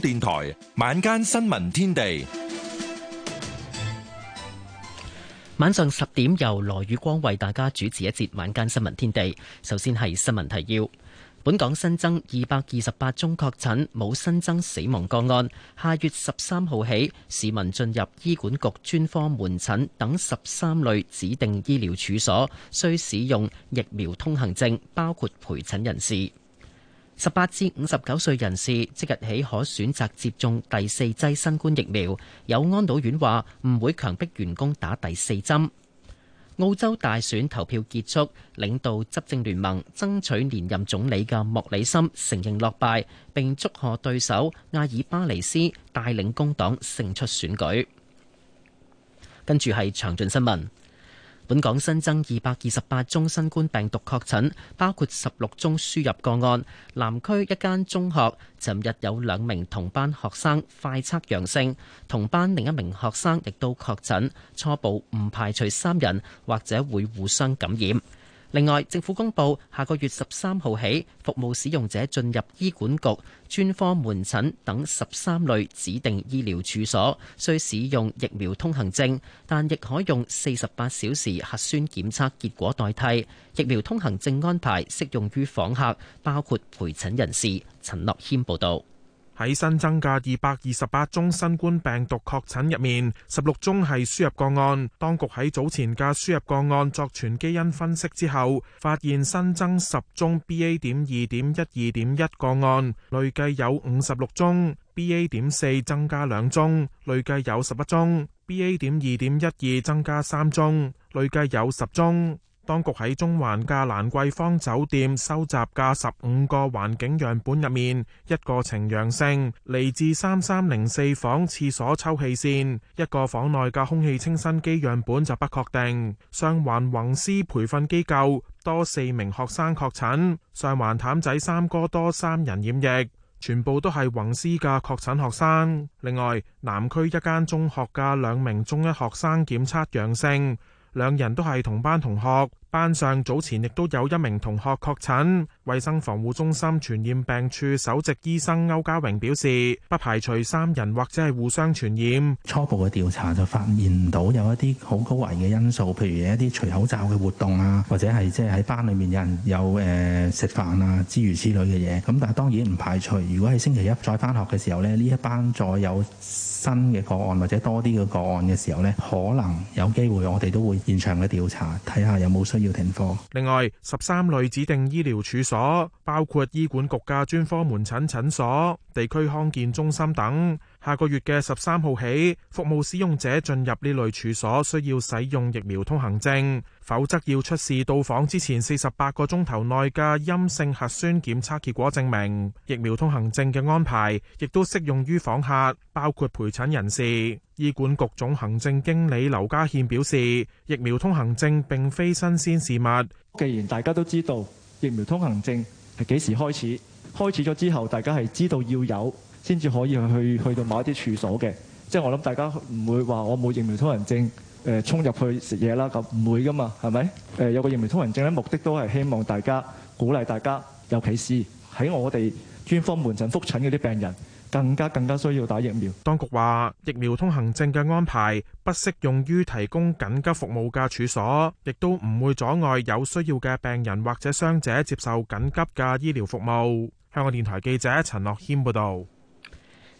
電台晚間新聞天地，晚上十點由羅宇光為大家主持一節晚間新聞天地。首先係新聞提要：本港新增二百二十八宗確診，冇新增死亡個案。下月十三號起，市民進入醫管局專科門診等十三類指定醫療處所，需使用疫苗通行證，包括陪診人士。十八至五十九歲人士即日起可選擇接種第四劑新冠疫苗。有安老院話唔會強迫員工打第四針。澳洲大選投票結束，領導執政聯盟爭取連任總理嘅莫里森承認落敗，並祝賀對手阿爾巴尼斯帶領工黨勝出選舉。跟住係詳盡新聞。本港新增二百二十八宗新冠病毒確診，包括十六宗輸入個案。南區一間中學尋日有兩名同班學生快測陽性，同班另一名學生亦都確診，初步唔排除三人或者會互相感染。另外，政府公布下個月十三號起，服務使用者進入醫管局、專科門診等十三類指定醫療處所，需使用疫苗通行證，但亦可用四十八小時核酸檢測結果代替疫苗通行證安排，適用於訪客，包括陪診人士。陳樂謙報道。喺新增嘅二百二十八宗新冠病毒確診入面，十六宗係輸入個案。當局喺早前嘅輸入個案作全基因分析之後，發現新增十宗 B A 點二點一二點一個案，累計有五十六宗 B A 點四增加兩宗，累計有十一宗 B A 點二點一二增加三宗，累計有十宗。當局喺中環嘅蘭桂坊酒店收集嘅十五個環境樣本入面，一個呈陽性，嚟自三三零四房廁所抽氣線；一個房內嘅空氣清新機樣本就不確定。上環宏思培訓機構多四名學生確診，上環譚仔三哥多三人染疫，全部都係宏思嘅確診學生。另外，南區一間中學嘅兩名中一學生檢測陽性，兩人都係同班同學。班上早前亦都有一名同學確診，衛生防護中心傳染病處首席醫生歐家榮表示，不排除三人或者係互相傳染。初步嘅調查就發現到有一啲好高危嘅因素，譬如一啲除口罩嘅活動啊，或者係即係喺班裏面有人有誒、呃、食飯啊諸如此類嘅嘢。咁但係當然唔排除，如果係星期一再返學嘅時候呢，呢一班再有。新嘅個案或者多啲嘅個案嘅時候呢，可能有機會我哋都會現場嘅調查，睇下有冇需要停課。另外，十三類指定醫療處所，包括醫管局嘅專科門診診所。地區康健中心等，下個月嘅十三號起，服務使用者進入呢類處所，需要使用疫苗通行證，否則要出示到訪之前四十八個鐘頭內嘅陰性核酸檢測結果證明。疫苗通行證嘅安排亦都適用於訪客，包括陪診人士。醫管局總行政經理劉家憲表示，疫苗通行證並非新鮮事物，既然大家都知道疫苗通行證係幾時開始。開始咗之後，大家係知道要有先至可以去去去到某一啲處所嘅，即係我諗大家唔會話我冇疫苗通行證誒，衝入去食嘢啦，咁唔會㗎嘛，係咪誒有個疫苗通行證咧？目的都係希望大家鼓勵大家，尤其是喺我哋專科門診覆診嗰啲病人，更加更加需要打疫苗。當局話，疫苗通行證嘅安排不適用於提供緊急服務嘅處所，亦都唔會阻礙有需要嘅病人或者傷者接受緊急嘅醫療服務。香港電台記者陳樂謙報道，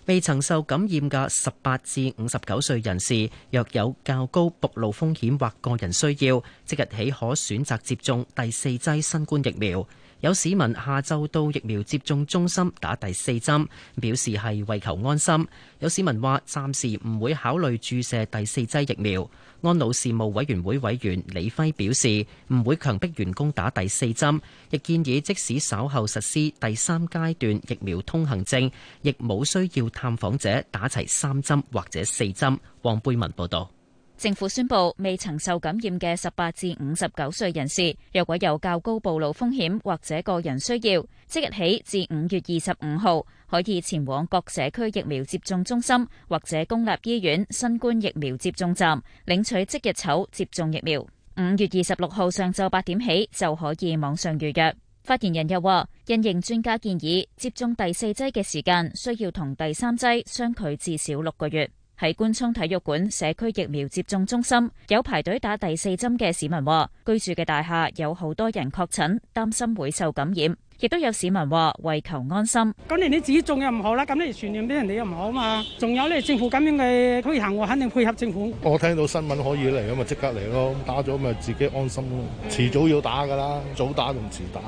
未曾受感染嘅十八至五十九歲人士，若有較高暴露風險或個人需要，即日起可選擇接種第四劑新冠疫苗。有市民下晝到疫苗接種中心打第四針，表示係爲求安心。有市民話暫時唔會考慮注射第四劑疫苗。安老事務委員會委員李輝表示，唔會強迫員工打第四針，亦建議即使稍後實施第三階段疫苗通行證，亦冇需要探訪者打齊三針或者四針。黃貝文報道。政府宣布，未曾受感染嘅十八至五十九歲人士，若果有較高暴露風險或者個人需要，即日起至五月二十五號可以前往各社區疫苗接種中心或者公立醫院新冠疫苗接種站領取即日籌接種疫苗。五月二十六號上晝八點起就可以網上預約。發言人又話，因應專家建議接種第四劑嘅時間需要同第三劑相距至少六個月。喺官涌體育館社區疫苗接種中心有排隊打第四針嘅市民話，居住嘅大廈有好多人確診，擔心會受感染。亦都有市民話，為求安心。咁你你自己種又唔好啦，咁你傳染俾人哋又唔好啊嘛。仲有呢政府咁樣嘅推行，我肯定配合政府。我聽到新聞可以嚟，咁咪即刻嚟咯。打咗咪自己安心咯。遲早要打㗎啦，早打同遲打。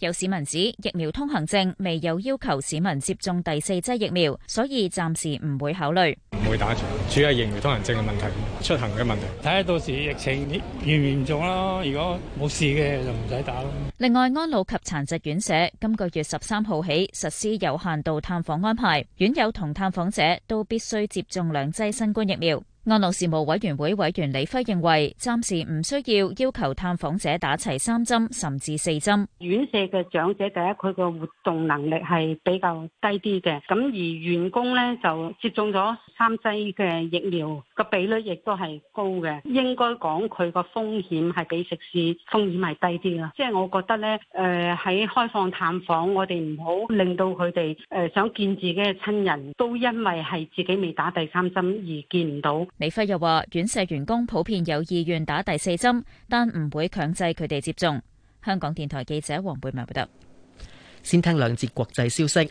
有市民指疫苗通行證未有要求市民接種第四劑疫苗，所以暫時唔會考慮。唔會打住，主要係疫苗通行證嘅問題，出行嘅問題。睇下到時疫情嚴唔嚴重咯。如果冇事嘅就唔使打咯。另外，安老及殘疾院舍今個月十三號起實施有限度探訪安排，院友同探訪者都必須接種兩劑新冠疫苗。安老事務委員會委員李輝認為，暫時唔需要要求探訪者打齊三針甚至四針。院舍嘅長者第一，佢個活動能力係比較低啲嘅，咁而員工咧就接種咗三劑嘅疫苗，個比率亦都係高嘅，應該講佢個風險係比食肆風險係低啲啦。即係我覺得咧，誒喺開放探訪，我哋唔好令到佢哋誒想見自己嘅親人都因為係自己未打第三針而見唔到。李輝又話，院舍員工普遍有意願打第四針，但唔會強制佢哋接種。香港電台記者黃貝文報道。先聽兩節國際消息。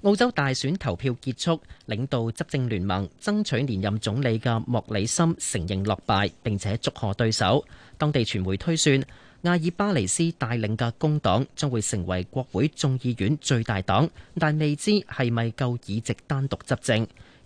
澳洲大選投票結束，領導執政聯盟爭取連任總理嘅莫里森承認落敗，並且祝賀對手。當地傳媒推算，阿爾巴尼斯帶領嘅工黨將會成為國會眾議院最大黨，但未知係咪夠議席單獨執政。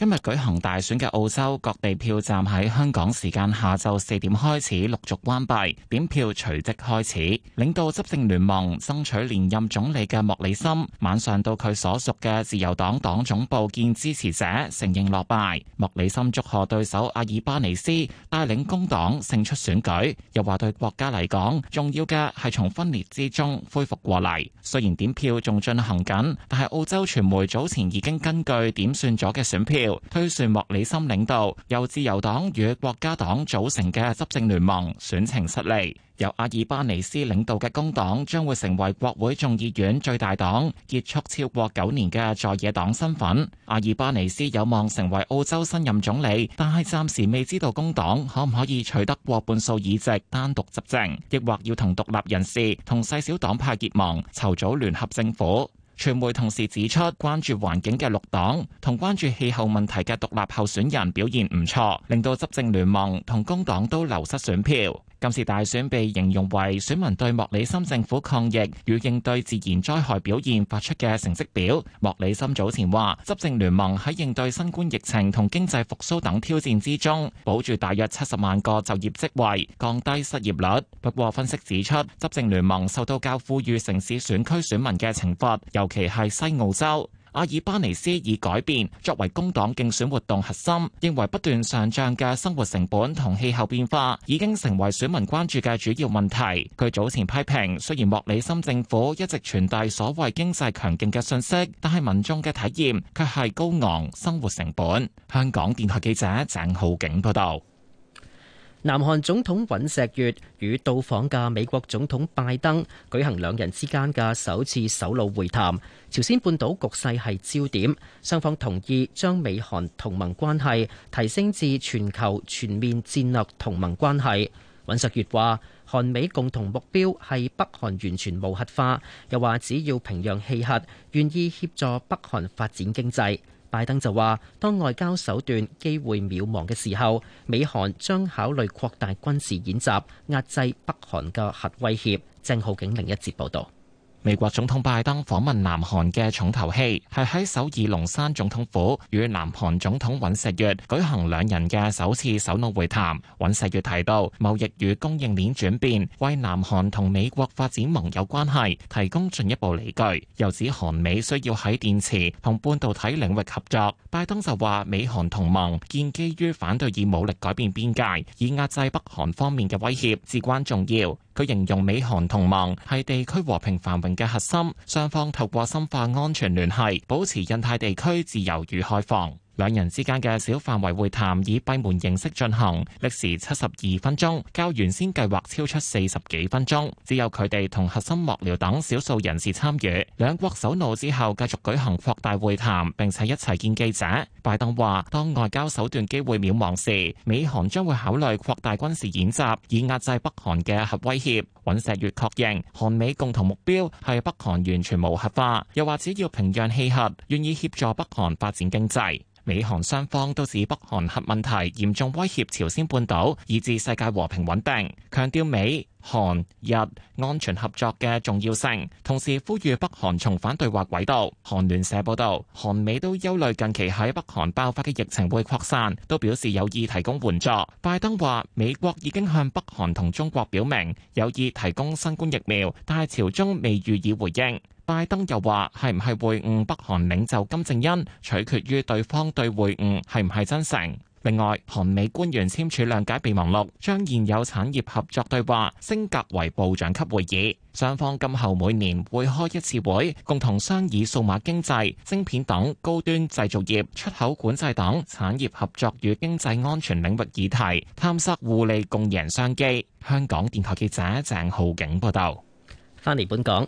今日舉行大選嘅澳洲各地票站喺香港時間下晝四點開始陸續關閉，點票隨即開始。領導執政聯盟爭取連任總理嘅莫里森晚上到佢所屬嘅自由黨黨總部見支持者，承認落敗。莫里森祝賀對手阿爾巴尼斯帶領工黨勝出選舉，又話對國家嚟講，重要嘅係從分裂之中恢復過嚟。雖然點票仲進行緊，但係澳洲傳媒早前已經根據點算咗嘅選票，推算莫里森領導由自由黨與國家黨組成嘅執政聯盟選情失利，由阿爾巴尼斯領導嘅工黨將會成為國會眾議院最大黨，結束超過九年嘅在野黨身份。阿爾巴尼斯有望成為澳洲新任總理，但係暫時未知道工黨可唔可以取得過半數議席單獨執政，抑或要同獨立人士同細小黨派結盟，籌組聯合政府。傳媒同時指出，關注環境嘅綠黨同關注氣候問題嘅獨立候選人表現唔錯，令到執政聯盟同工黨都流失選票。今次大選被形容為選民對莫里森政府抗疫與應對自然災害表現發出嘅成績表。莫里森早前話，執政聯盟喺應對新冠疫情同經濟復蘇等挑戰之中，保住大約七十萬個就業職位，降低失業率。不過，分析指出，執政聯盟受到較富裕城市選區選民嘅懲罰，尤其係西澳洲。阿爾巴尼斯以改變作為工黨競選活動核心，認為不斷上漲嘅生活成本同氣候變化已經成為選民關注嘅主要問題。佢早前批評，雖然莫里森政府一直傳遞所謂經濟強勁嘅信息，但係民眾嘅體驗卻係高昂生活成本。香港電台記者鄭浩景報道。南韓總統尹錫悅與到訪嘅美國總統拜登舉行兩人之間嘅首次首腦會談，朝鮮半島局勢係焦點。雙方同意將美韓同盟關係提升至全球全面戰略同盟關係。尹錫悅話：韓美共同目標係北韓完全無核化，又話只要平壤棄核，願意協助北韓發展經濟。拜登就話，當外交手段機會渺茫嘅時候，美韓將考慮擴大軍事演習，壓制北韓嘅核威脅。鄭浩景另一節報道。美國總統拜登訪問南韓嘅重頭戲係喺首爾龍山總統府與南韓總統尹錫悅舉行兩人嘅首次首腦會談。尹錫悅提到，貿易與供應鏈轉變為南韓同美國發展盟友關係提供進一步理據。又指韓美需要喺電池同半導體領域合作。拜登就話，美韓同盟建基於反對以武力改變邊界，以壓制北韓方面嘅威脅至關重要。佢形容美韓同盟係地區和平繁榮嘅核心，雙方透過深化安全聯繫，保持印太地區自由與開放。兩人之間嘅小範圍會談以閉門形式進行，歷時七十二分鐘，較原先計劃超出四十幾分鐘，只有佢哋同核心幕僚等少數人士參與，兩國首腦之後繼續舉行擴大會談，並且一齊見記者。拜登話，當外交手段機會渺茫時，美韓將會考慮擴大軍事演習，以壓制北韓嘅核威脅。尹錫悅確認，韓美共同目標係北韓完全無核化，又話只要平壤棄核，願意協助北韓發展經濟。美韓雙方都指北韓核問題嚴重威脅朝鮮半島，以致世界和平穩定，強調美韓日安全合作嘅重要性，同時呼籲北韓重返對話軌道。韓聯社報道，韓美都憂慮近期喺北韓爆發嘅疫情會擴散，都表示有意提供援助。拜登話，美國已經向北韓同中國表明有意提供新冠疫苗，但係朝中未予以回應。拜登又話：係唔係會晤北韓領袖金正恩，取決於對方對會晤係唔係真誠。另外，韓美官員簽署諒解備忘錄，將現有產業合作對話升格為部長級會議。雙方今後每年會開一次會，共同商議數碼經濟、晶片等高端製造業、出口管制等產業合作與經濟安全領域議題，探索互利共贏商機。香港電台記者鄭浩景報道。翻嚟本港。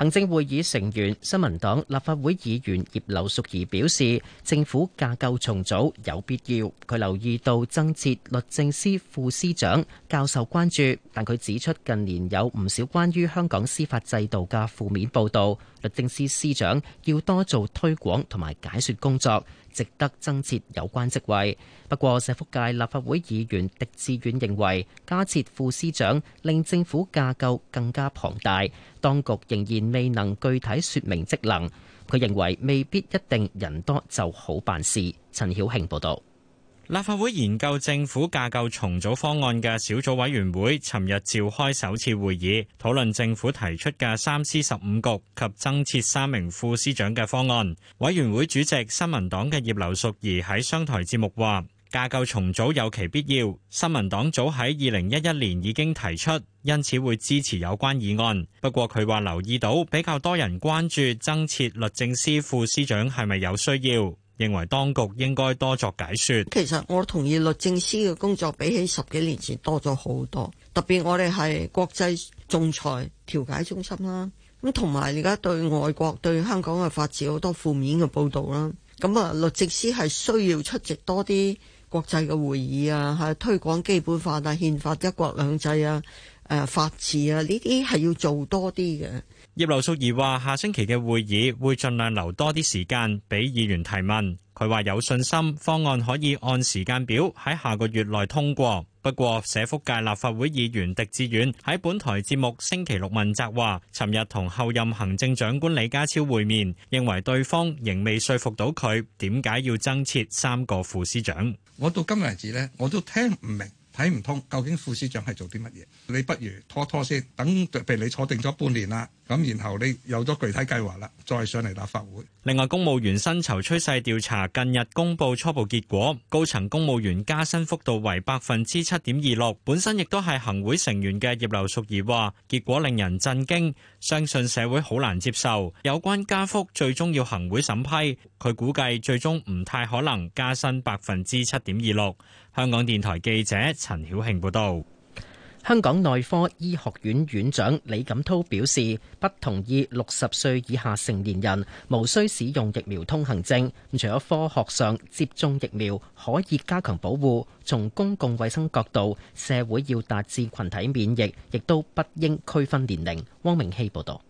行政會議成員、新民黨立法會議員葉劉淑儀表示，政府架構重組有必要。佢留意到增設律政司副司長較受關注，但佢指出近年有唔少關於香港司法制度嘅負面報導，律政司司長要多做推廣同埋解說工作。值得增設有關職位。不過社福界立法會議員狄志遠認為，加設副司長令政府架構更加龐大，當局仍然未能具體説明職能，佢認為未必一定人多就好辦事。陳曉慶報道。立法會研究政府架構重組方案嘅小組委員會，尋日召開首次會議，討論政府提出嘅三司十五局及增設三名副司長嘅方案。委員會主席新民黨嘅葉劉淑儀喺商台節目話：架構重組有其必要，新民黨早喺二零一一年已經提出，因此會支持有關議案。不過佢話留意到比較多人關注增設律政司副司長係咪有需要。認為當局應該多作解說。其實我同意律政司嘅工作比起十幾年前多咗好多，特別我哋係國際仲裁調解中心啦，咁同埋而家對外國對香港嘅法治好多負面嘅報道啦，咁啊律政司係需要出席多啲國際嘅會議啊，係推廣基本法啊、憲法一國兩制啊、誒法治啊呢啲係要做多啲嘅。葉劉淑儀話：下星期嘅會議會盡量留多啲時間俾議員提問。佢話有信心方案可以按時間表喺下個月內通過。不過社福界立法會議員狄志遠喺本台節目星期六問責話，尋日同候任行政長官李家超會面，認為對方仍未說服到佢點解要增設三個副司長。我到今日字呢，我都聽唔明。睇唔通，究竟副司長係做啲乜嘢？你不如拖拖先，等俾你坐定咗半年啦，咁然後你有咗具體計劃啦，再上嚟立法會。另外，公務員薪酬趨勢調查近日公布初步結果，高層公務員加薪幅度為百分之七點二六。本身亦都係行會成員嘅葉劉淑儀話，結果令人震驚，相信社會好難接受。有關加幅最終要行會審批，佢估計最終唔太可能加薪百分之七點二六。香港電台記者陳曉慶報道，香港內科醫學院院長李錦濤表示，不同意六十歲以下成年人無需使用疫苗通行證。除咗科學上接種疫苗可以加強保護，從公共衛生角度，社會要達至群體免疫，亦都不應區分年齡。汪明希報道。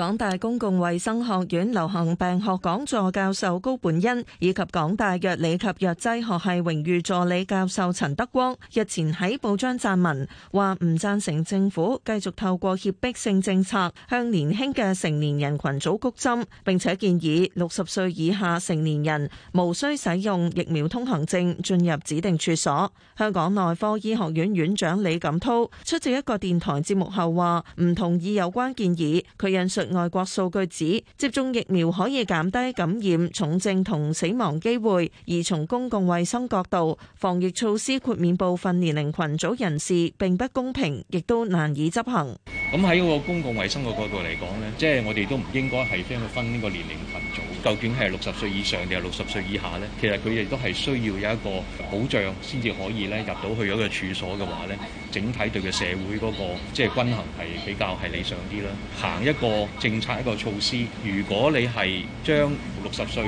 港大公共衛生學院流行病學講座教授高本恩以及港大藥理及藥劑學系榮譽助理教授陳德光日前喺報章撰文，話唔贊成政府繼續透過脅迫性政策向年輕嘅成年人群組谷針，並且建議六十歲以下成年人無需使用疫苗通行證進入指定處所。香港內科醫學院院長李錦濤出席一個電台節目後話唔同意有關建議，佢引述。外國數據指接種疫苗可以減低感染、重症同死亡機會，而從公共衛生角度，防疫措施豁免部分年齡群組人士並不公平，亦都難以執行。咁喺個公共衛生嘅角度嚟講呢，即係我哋都唔應該係將佢分呢個年齡群組。究竟係六十歲以上定係六十歲以下呢？其實佢哋都係需要有一個保障，先至可以咧入到去嗰個處所嘅話呢，整體對個社會嗰個即係均衡係比較係理想啲啦。行一個政策一個措施，如果你係將六十歲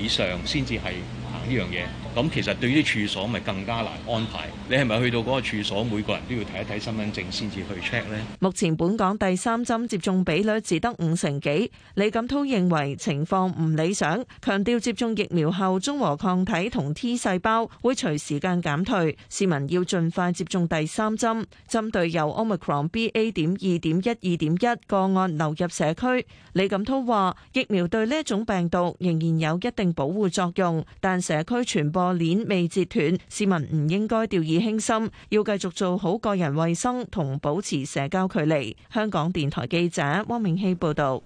以上先至係行呢樣嘢。咁其實對於處所咪更加難安排，你係咪去到嗰個處所每個人都要睇一睇身份證先至去 check 呢？目前本港第三針接種比率只得五成幾，李錦滔認為情況唔理想，強調接種疫苗後中和抗體同 T 細胞會隨時間減退，市民要盡快接種第三針。針對由 Omicron BA. 點二點一二點一個案流入社區，李錦滔話疫苗對呢一種病毒仍然有一定保護作用，但社區傳播，個鏈未截斷，市民唔應該掉以輕心，要繼續做好個人衛生同保持社交距離。香港電台記者汪明希報道。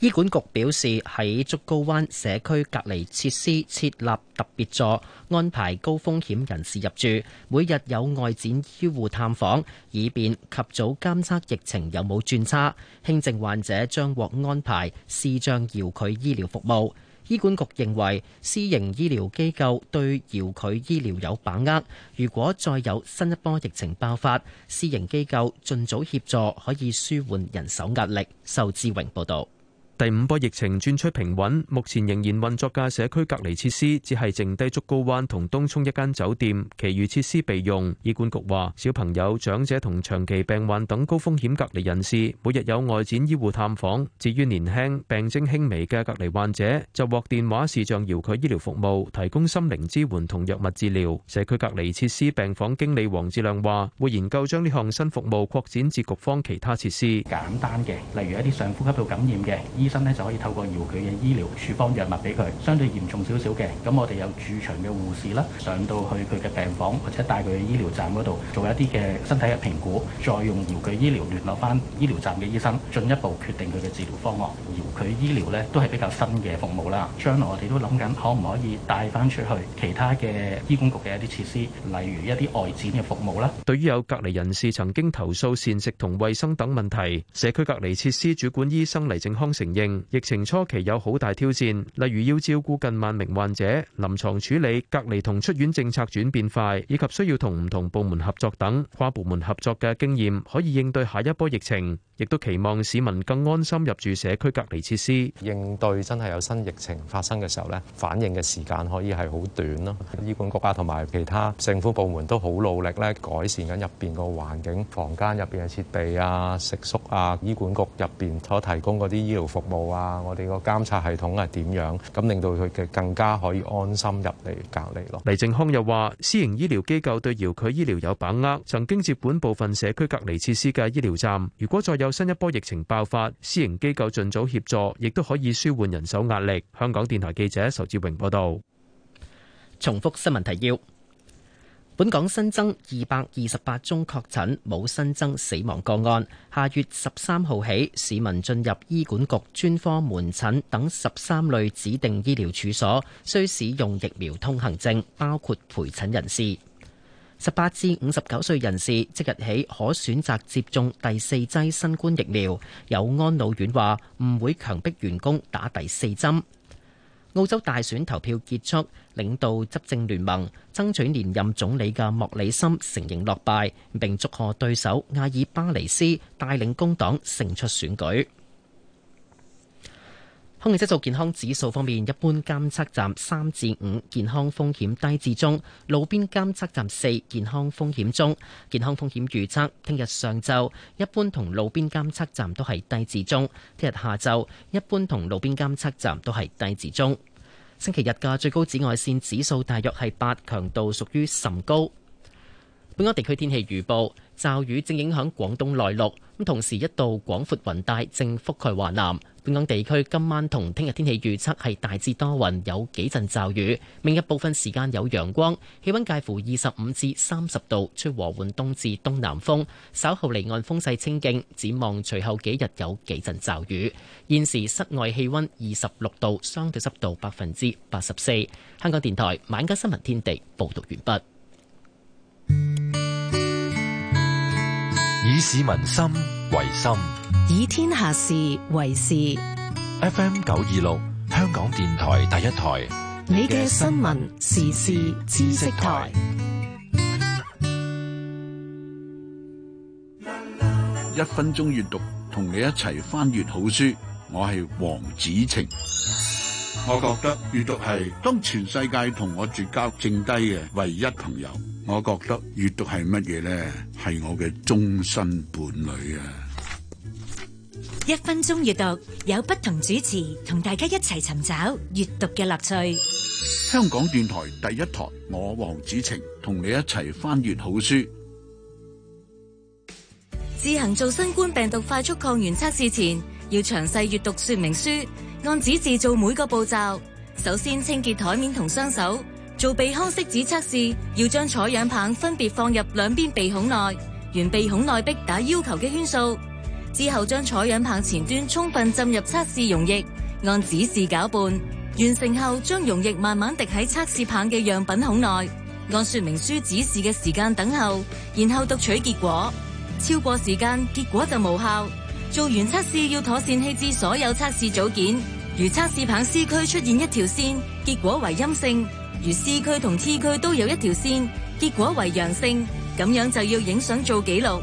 醫管局表示喺竹篙灣社區隔離設施設立特別座，安排高風險人士入住，每日有外展醫護探訪，以便及早監測疫情有冇轉差。輕症患者將獲安排視像遙距醫療服務。醫管局認為，私營醫療機構對遙距醫療有把握。如果再有新一波疫情爆發，私營機構盡早協助可以舒緩人手壓力。壽志榮報道。第五波疫情轉趨平穩，目前仍然運作嘅社區隔離設施，只係剩低竹篙灣同東涌一間酒店，其餘設施備用。醫管局話小朋友、長者同長期病患等高風險隔離人士，每日有外展醫護探訪，至於年輕病徵輕微嘅隔離患者，就獲電話視像遙距醫療服務提供心靈支援同藥物治療。社區隔離設施病房經理黃志亮話會研究將呢項新服務擴展至局方其他設施。簡單嘅，例如一啲上呼吸道感染嘅醫生呢就可以透過遙距嘅醫療處方藥物俾佢，相對嚴重少少嘅。咁我哋有駐場嘅護士啦，上到去佢嘅病房或者帶佢去醫療站嗰度做一啲嘅身體嘅評估，再用遙距醫療聯絡翻醫療站嘅醫生，進一步決定佢嘅治療方案。遙距醫療呢，都係比較新嘅服務啦。將來我哋都諗緊可唔可以帶翻出去其他嘅醫管局嘅一啲設施，例如一啲外展嘅服務啦。對於有隔離人士曾經投訴膳食同衞生等問題，社區隔離設施主管醫生黎正康承認。疫情初期有好大挑戰，例如要照顧近萬名患者、臨床處理、隔離同出院政策轉變快，以及需要同唔同部門合作等。跨部門合作嘅經驗可以應對下一波疫情，亦都期望市民更安心入住社區隔離設施。應對真係有新疫情發生嘅時候咧，反應嘅時間可以係好短咯。醫管局啊，同埋其他政府部門都好努力咧，改善緊入邊個環境、房間入邊嘅設備啊、食宿啊、醫管局入邊所提供嗰啲醫療服務。冇啊！我哋個監察系統係點樣？咁令到佢嘅更加可以安心入嚟隔離咯。黎正康又話，私營醫療機構對遙距醫療有把握，曾經接管部分社區隔離設施嘅醫療站，如果再有新一波疫情爆發，私營機構盡早協助，亦都可以舒緩人手壓力。香港電台記者仇志榮報道。重複新聞提要。本港新增二百二十八宗確診，冇新增死亡個案。下月十三號起，市民進入醫管局專科門診等十三類指定醫療處所，需使用疫苗通行證，包括陪診人士。十八至五十九歲人士即日起可選擇接種第四劑新冠疫苗。有安老院話唔會強迫員工打第四針。澳洲大選投票結束，領導執政聯盟爭取連任總理嘅莫里森承認落敗，並祝賀對手艾爾巴尼斯帶領工黨勝出選舉。空氣質素健康指數方面，一般監測站三至五，健康風險低至中；路邊監測站四，健康風險中。健康風險預測：聽日上晝一般同路邊監測站都係低至中；聽日下晝一般同路邊監測站都係低至中。星期日嘅最高紫外線指數大約係八，強度屬於甚高。本港地區天氣預報。驟雨正影響廣東內陸，咁同時一道廣闊雲帶正覆蓋華南。本港地區今晚同聽日天氣預測係大致多雲，有幾陣驟雨。明日部分時間有陽光，氣温介乎二十五至三十度，吹和緩東至東南風。稍後離岸風勢清勁，展望隨後幾日有幾陣驟雨。現時室外氣温二十六度，相對濕度百分之八十四。香港電台晚間新聞天地報道完畢。以市民心為心，以天下事為事。FM 九二六，香港電台第一台。你嘅新聞時事知識台。一分鐘閱讀，同你一齊翻閱好書。我係黃子晴。我覺得閱讀係當全世界同我絕交剩低嘅唯一朋友。我覺得閱讀係乜嘢呢？係我嘅終身伴侶啊！一分鐘閱讀，有不同主持同大家一齊尋找閱讀嘅樂趣。香港電台第一台，我王子晴同你一齊翻閱好書。自行做新冠病毒快速抗原測試前，要詳細閱讀說明書，按指示做每個步驟。首先清潔台面同雙手。做鼻腔試紙測試，要將採樣棒分別放入兩邊鼻孔內，沿鼻孔內壁打要求嘅圈數，之後將採樣棒前端充分浸入測試溶液，按指示攪拌。完成後，將溶液慢慢滴喺測試棒嘅樣品孔內，按說明書指示嘅時間等候，然後讀取結果。超過時間，結果就無效。做完測試要妥善棄置所有測試組件。如測試棒 C 區出現一條線，結果為陰性。如 C 區同 T 區都有一條線，結果為陽性，咁樣就要影相做記錄，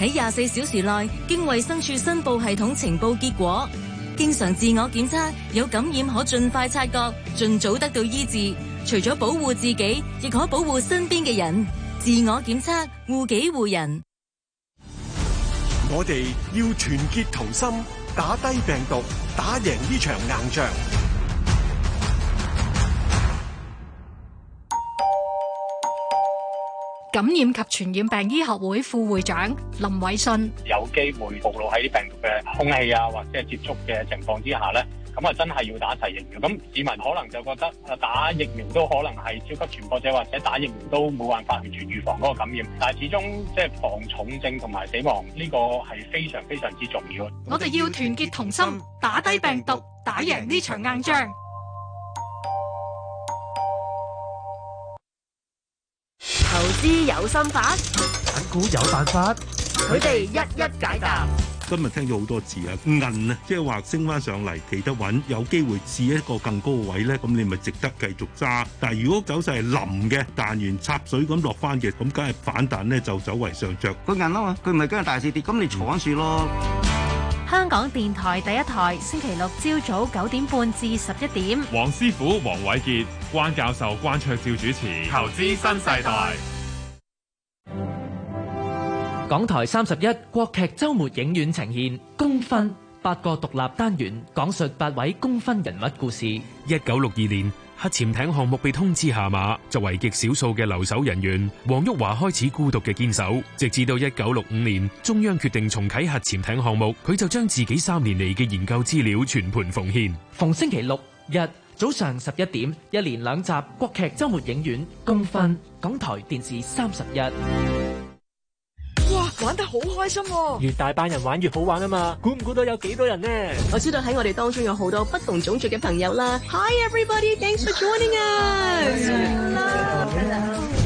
喺廿四小時內經衛生署申報系統呈報結果。經常自我檢測，有感染可盡快察覺，盡早得到醫治。除咗保護自己，亦可保護身邊嘅人。自我檢測，護己護人。我哋要團結同心，打低病毒，打贏呢場硬仗。感染及傳染病醫學會副會長林偉信，有機會暴露喺啲病毒嘅空氣啊，或者接觸嘅情況之下咧，咁啊真係要打齊疫苗，咁市民可能就覺得啊，打疫苗都可能係超級傳播者，或者打疫苗都冇辦法完全預防嗰個感染。但係始終即係防重症同埋死亡呢個係非常非常之重要。我哋要團結同心，打低病毒，打贏呢場硬仗。有心法，港股有辦法，佢哋一一解答。今日聽咗好多字啊，銀啊，即係話升翻上嚟企得穩，有機會置一個更高嘅位咧，咁你咪值得繼續揸。但係如果走勢係冧嘅，彈完插水咁落翻嘅，咁梗係反彈咧就走為上着。佢銀啊嘛，佢唔係今日大市跌，咁你坐住咯。香港電台第一台，星期六朝早九點半至十一點，黃師傅黃偉杰、關教授關卓照主持《投資新世代》。港台三十一國劇周末影院呈現《功勳》八個獨立單元，講述八位功勳人物故事。一九六二年，核潛艇項目被通知下馬，作為極少數嘅留守人員，黃旭華開始孤獨嘅堅守，直至到一九六五年，中央決定重啟核潛艇項目，佢就將自己三年嚟嘅研究資料全盤奉獻。逢星期六日早上十一點，一連兩集國劇周末影院《功勳》，港台電視三十一。玩得好開心喎！越大班人玩越好玩啊嘛！估唔估到有幾多人呢？我知道喺我哋當中有好多不同種族嘅朋友啦。Hi everybody, thanks for joining 啊！Hello.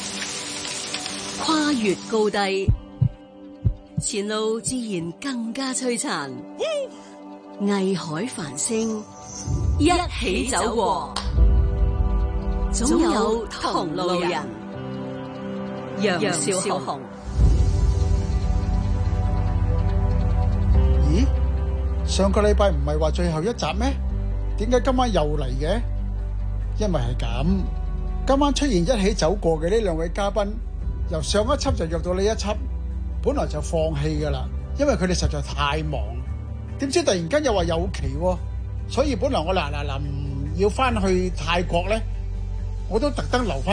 跨越高低，前路自然更加璀璨。藝 海繁星，一起走過，總有同路人。楊 少紅，咦？上個禮拜唔係話最後一集咩？點解今晚又嚟嘅？因為係咁，今晚出現一起走過嘅呢兩位嘉賓。由上一輯就約到呢一輯，本來就放棄嘅啦，因為佢哋實在太忙。點知突然間又話有期喎，所以本來我嗱嗱臨要翻去泰國咧，我都特登留翻。